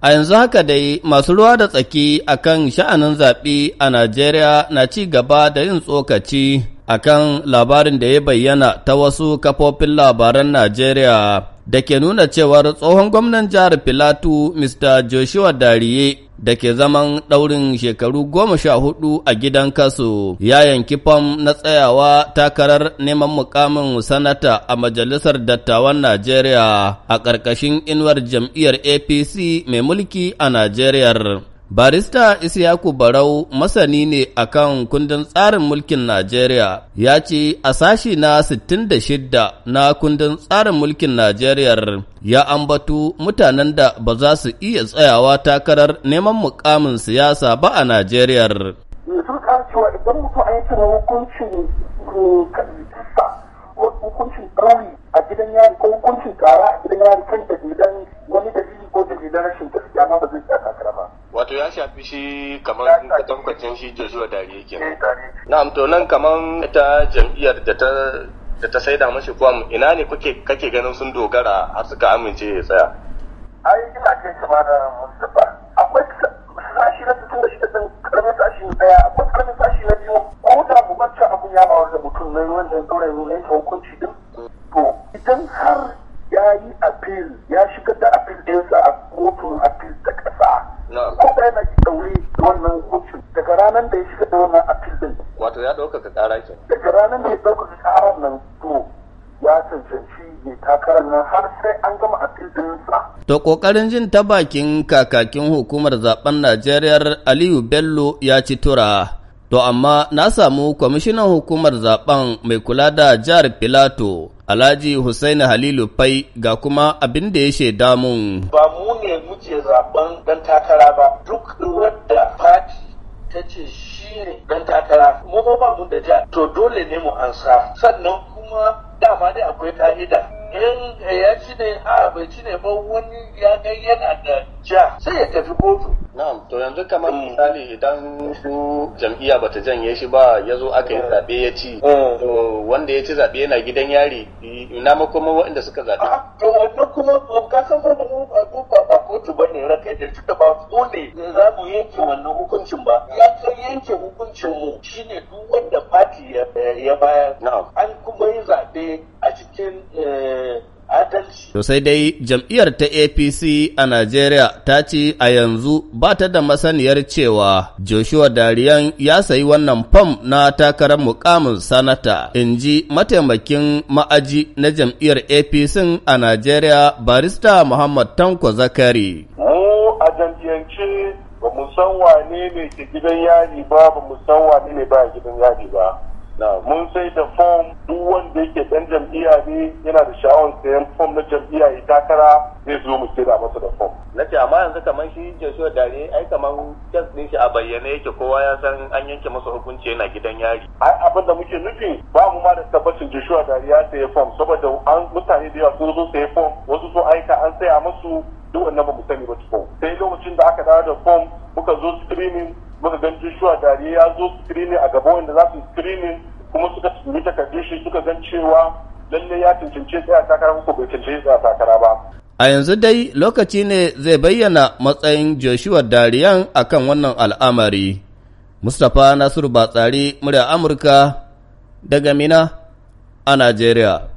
A yanzu haka dai masu ruwa da tsaki a kan sha'anin zaɓe a Najeriya na ci gaba da yin tsokaci a kan labarin da ya bayyana ta wasu kafofin labaran Najeriya da ke nuna cewar tsohon gwamnan jihar Filatu Mr. Joshua Dariye da ke zaman ɗaurin shekaru goma sha hudu a gidan Kasu, ya yanki fam na tsayawa takarar neman mukamin sanata a majalisar dattawan Najeriya a ƙarƙashin inuwar jam'iyyar APC mai mulki a Najeriya. Barista Isyaku Barau masani ne akan kundin tsarin mulkin Najeriya ya ce a sashi na 66 na kundin tsarin mulkin Najeriya ya ambatu mutanen da ba za su iya tsayawa takarar neman mukamin siyasa ba a Najeriya. Sun kan cewa idan mutum an yi hukuncin mm, ko hukuncin ɗauri a gidan yari ko hukuncin kara a gidan yari kan da gidan wani dalili ko da gidan rashin gaskiya ba wato ya shafi shi kamar katankwacin shi zuwa dare yake eh, na to nan kamar ta jam'iyyar da ta da ta saida mashi kwam ina ne kuke kake ganin sun dogara har suka amince ya tsaya ai ina ce da Mustafa akwai sashi na tutun da shi da karamin sashi na daya akwai karamin sashi na biyu ko da mu bacca abun ya ba wanda mutum ne wanda ya dora ne hukunci din to idan har ya yi appeal ya shiga da appeal ɗinsa a kotun appeal wato ya ɗaukaka ƙara ke daga ranar da ya ɗaukaka ƙara nan to ya cancanci ya takarar nan har sai an gama appeal sa. To ƙoƙarin jin ta bakin kakakin hukumar zaben Najeriya Aliyu Bello ya ci tura. To amma na samu kwamishinan hukumar zaben mai kula da jihar Filato, Alhaji Hussaini Halilu Fai ga kuma abin da ya shaida mun. Ba mu ne muke zaben dan takara ba, duk wadda fati ta ce shi ne dan takara mu ba ba mu da ja to dole ne mu ansa sannan kuma dama dai akwai ka'ida in ya ci ne a bai ci ne ba wani ya kai yana da ja sai ya tafi kotu na'am to yanzu kamar mm. misali idan su jam'iyya bata janye shi ba ya zo aka yi mm. zaɓe ya ci mm. to wanda ya ci zaɓe yana gidan yari ina makoma waɗanda suka zaɓe ah, to wannan kuma oh, ka san ba da tunda ba su ne za mu yanke wannan hukuncin ba ya kai yanke hukuncin mu shine duk wanda fati ya bayar an kuma yi zaɓe a cikin eh, adalci. To sai dai jam'iyyar ta APC a Najeriya ta ce a yanzu ba ta da masaniyar cewa Joshua Dariyan ya sayi wannan fam na takarar mukamin sanata, in ji mataimakin ma'aji na jam'iyyar APC a Najeriya barista Muhammad Tanko Zakari. ce ba mu san wane ne ke gidan yari ba ba mu san wane ne ba gidan yari ba na mun sai da fom duk wanda yake dan jam'iyya ne yana da sha'awar sayan fom na jam'iyya ya takara zai zo mu kira masa da fom na ce amma yanzu kamar shi Joshua Dare ai kamar kes din shi a bayyane yake kowa ya san an yanke masa hukunci yana gidan yari ai abin da muke nufi ba mu ma da tabbacin Joshua Dare ya sayi fom saboda an mutane da yawa sun zo sayi fom wasu sun aika an saya musu duk wannan ba mu muka gan Joshua Dare ya zo screening a gaba wanda za su screening kuma suka yi takardun shi suka gan cewa lalle ya cancance tsaya takara ko bai cancance tsaya takara ba. A yanzu dai lokaci ne zai bayyana matsayin Joshua Dariyan a kan wannan al'amari. Mustapha Nasiru Batsari, murya Amurka, daga Mina a Najeriya.